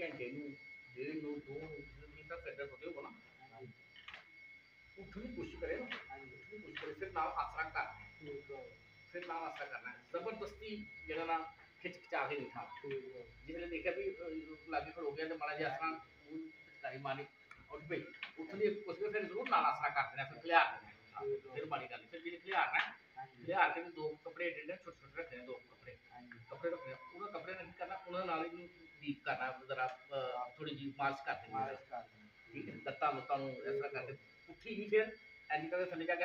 કે કે નું દે નો દો નું મિતસા તે થતો બોના ઉઠની કોશિશ કરે ના મુ કોશિશ કરે ફેર લાસા કર ના સે લાસા કર ના જબરદસ્તી જણા ના ખીચકચા હે ઉઠા જીલે મે કભી લાગી કો રોગે મે મરાજી આસાન બુત તકાય માને ઓડબે ઉઠની કોશિશ ફેર જરૂર લાસા કર દે ફેર ફ્લેર કર દે તેર બાલી ગાલી ફેર બી ફ્લેર કર ਲਿਆ ਕੇ ਦੋ ਕਪੜੇ ਡੰਡੇ ਛੋਟੇ ਛੋਟੇ ਰੱਖਣੇ ਦੋ ਕਪੜੇ ਕੱਪੜੇ ਰੱਖਣੇ ਉਹਨਾਂ ਕੱਪੜੇ ਨਹੀਂ ਕਰਨਾ ਉਹਨਾਂ ਨਾਲ ਹੀ ਡੀਪ ਕਰਨਾ ਜ਼ਰਾ ਥੋੜੀ ਜੀ ਮਾਰਸ਼ ਕਰ ਦੇਣੀ ਠੀਕ ਹੈ ਲੱਤਾਂ ਲੁੱਤਾਂ ਨੂੰ ਇਸ ਤਰ੍ਹਾਂ ਕਰਕੇ ਉੱਠੀ ਨਹੀਂ ਫਿਰ ਐਨਕਾਂ ਦੇ ਥੱਲੇ ਜਾ ਕੇ